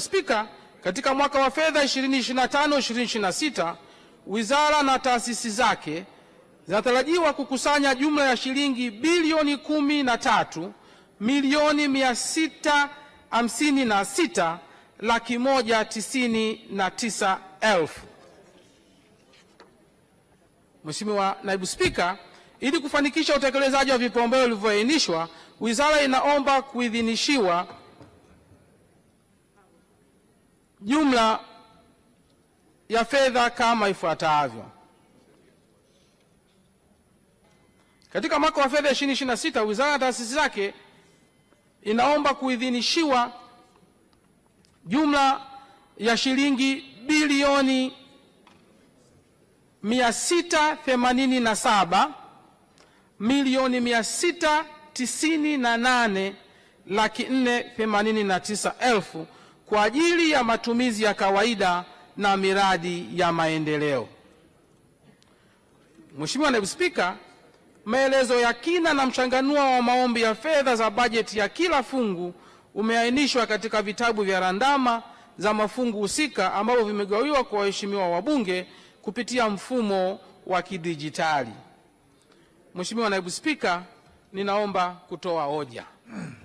Spika, katika mwaka wa fedha 2025 2026 wizara na taasisi zake zinatarajiwa kukusanya jumla ya shilingi bilioni kumi na tatu milioni mia sita hamsini na sita laki moja tisini na tisa elfu. Mheshimiwa Naibu Spika, ili kufanikisha utekelezaji wa vipaumbele vilivyoainishwa, wizara inaomba kuidhinishiwa jumla ya fedha kama ifuatavyo. Katika mwaka wa fedha 2026 wizara ya taasisi zake inaomba kuidhinishiwa jumla ya shilingi bilioni 687 milioni 698 laki 489 elfu kwa ajili ya matumizi ya kawaida na miradi ya maendeleo. Mheshimiwa Naibu Spika, maelezo ya kina na mchanganua wa maombi ya fedha za bajeti ya kila fungu umeainishwa katika vitabu vya randama za mafungu husika ambavyo vimegawiwa kwa waheshimiwa wabunge kupitia mfumo wa kidijitali. Mheshimiwa Naibu Spika, ninaomba kutoa hoja.